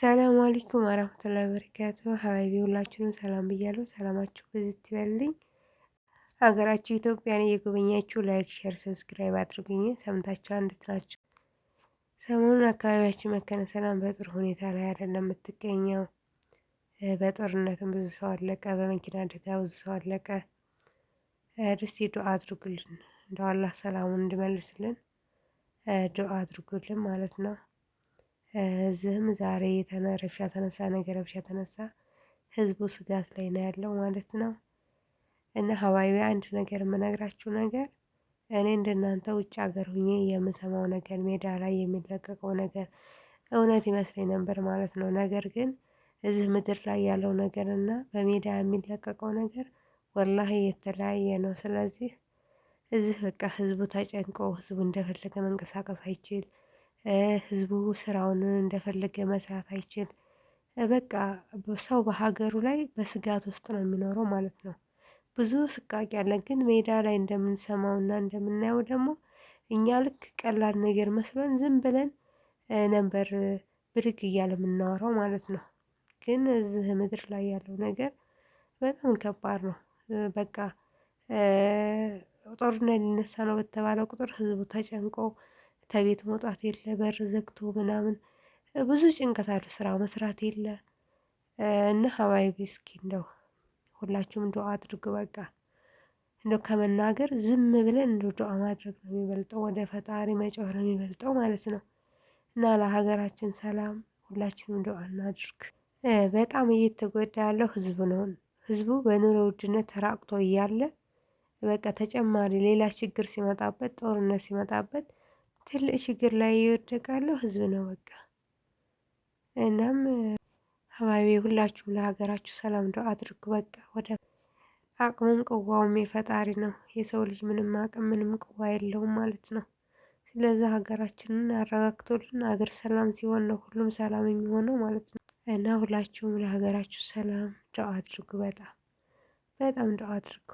ሰላም አለይኩም ወራህመቱላሂ ወበረካቱ። ሀባይቢ ሁላችሁንም ሰላም ብያለሁ። ሰላማችሁ ይበልኝ ይበልልኝ። ሀገራችሁ ኢትዮጵያን እየጎበኛችሁ ላይክ፣ ሼር፣ ሰብስክራይብ አድርጉኝ። ሰምታችሁ አንድት ናችሁ። ሰሞኑን አካባቢያችን መካነ ሰላም በጥሩ ሁኔታ ላይ አይደለም የምትገኘው። በጦርነትም ብዙ ሰው አለቀ፣ በመኪና አደጋ ብዙ ሰው አለቀ። ደስ ዱአ አድርጉልን፣ እንደው አላህ ሰላሙን እንዲመልስልን ዱአ አድርጉልን ማለት ነው። እዚህም ዛሬ ረብሻ ተነሳ፣ ነገ ረብሻ ተነሳ። ህዝቡ ስጋት ላይ ነው ያለው ማለት ነው። እና ሀባይቢ አንድ ነገር የምነግራችሁ ነገር እኔ እንደናንተ ውጭ ሀገር ሁኜ የምሰማው ነገር ሜዳ ላይ የሚለቀቀው ነገር እውነት ይመስለኝ ነበር ማለት ነው። ነገር ግን እዚህ ምድር ላይ ያለው ነገር እና በሜዳ የሚለቀቀው ነገር ወላሂ የተለያየ ነው። ስለዚህ እዚህ በቃ ህዝቡ ተጨንቆ ህዝቡ እንደፈለገ መንቀሳቀስ አይችል ህዝቡ ስራውን እንደፈለገ መስራት አይችል። በቃ ሰው በሀገሩ ላይ በስጋት ውስጥ ነው የሚኖረው ማለት ነው። ብዙ ስቃቄ አለ ግን ሜዳ ላይ እና እንደምናየው ደግሞ እኛ ልክ ቀላል ነገር መስሎን ዝም ብለን ነበር ብድግ እያለ የምናወራው ማለት ነው። ግን እዚህ ምድር ላይ ያለው ነገር በጣም ከባድ ነው። በቃ ጦርነት ሊነሳ ነው በተባለ ቁጥር ህዝቡ ተጨንቆ ተቤት መውጣት የለ በር ዘግቶ ምናምን ብዙ ጭንቀት አለው ስራ መስራት የለ እና ሀባይ እስኪ እንደው ሁላችሁም እንደ አድርግ በቃ እንደው ከመናገር ዝም ብለን እንደው ዱአ ማድረግ ነው የሚበልጠው፣ ወደ ፈጣሪ መጮህ ነው የሚበልጠው ማለት ነው። እና ለሀገራችን ሰላም ሁላችንም ዱአ እናድርግ። በጣም እየተጎዳ ያለው ህዝቡ ነው። ህዝቡ በኑሮ ውድነት ተራቅቶ እያለ በቃ ተጨማሪ ሌላ ችግር ሲመጣበት፣ ጦርነት ሲመጣበት ትልቅ ችግር ላይ የወደቃለው ህዝብ ነው በቃ። እናም ሀባቢ ሁላችሁም ለሀገራችሁ ሰላም ዶ አድርጉ በቃ። ወደ አቅሙም ቅዋውም የፈጣሪ ነው። የሰው ልጅ ምንም አቅም ምንም ቅዋ የለውም ማለት ነው። ስለዛ ሀገራችንን አረጋግቶልን ሀገር ሰላም ሲሆን ነው ሁሉም ሰላም የሚሆነው ማለት ነው። እና ሁላችሁም ለሀገራችሁ ሰላም ዱአ አድርጉ። በጣም በጣም ዱአ አድርጉ።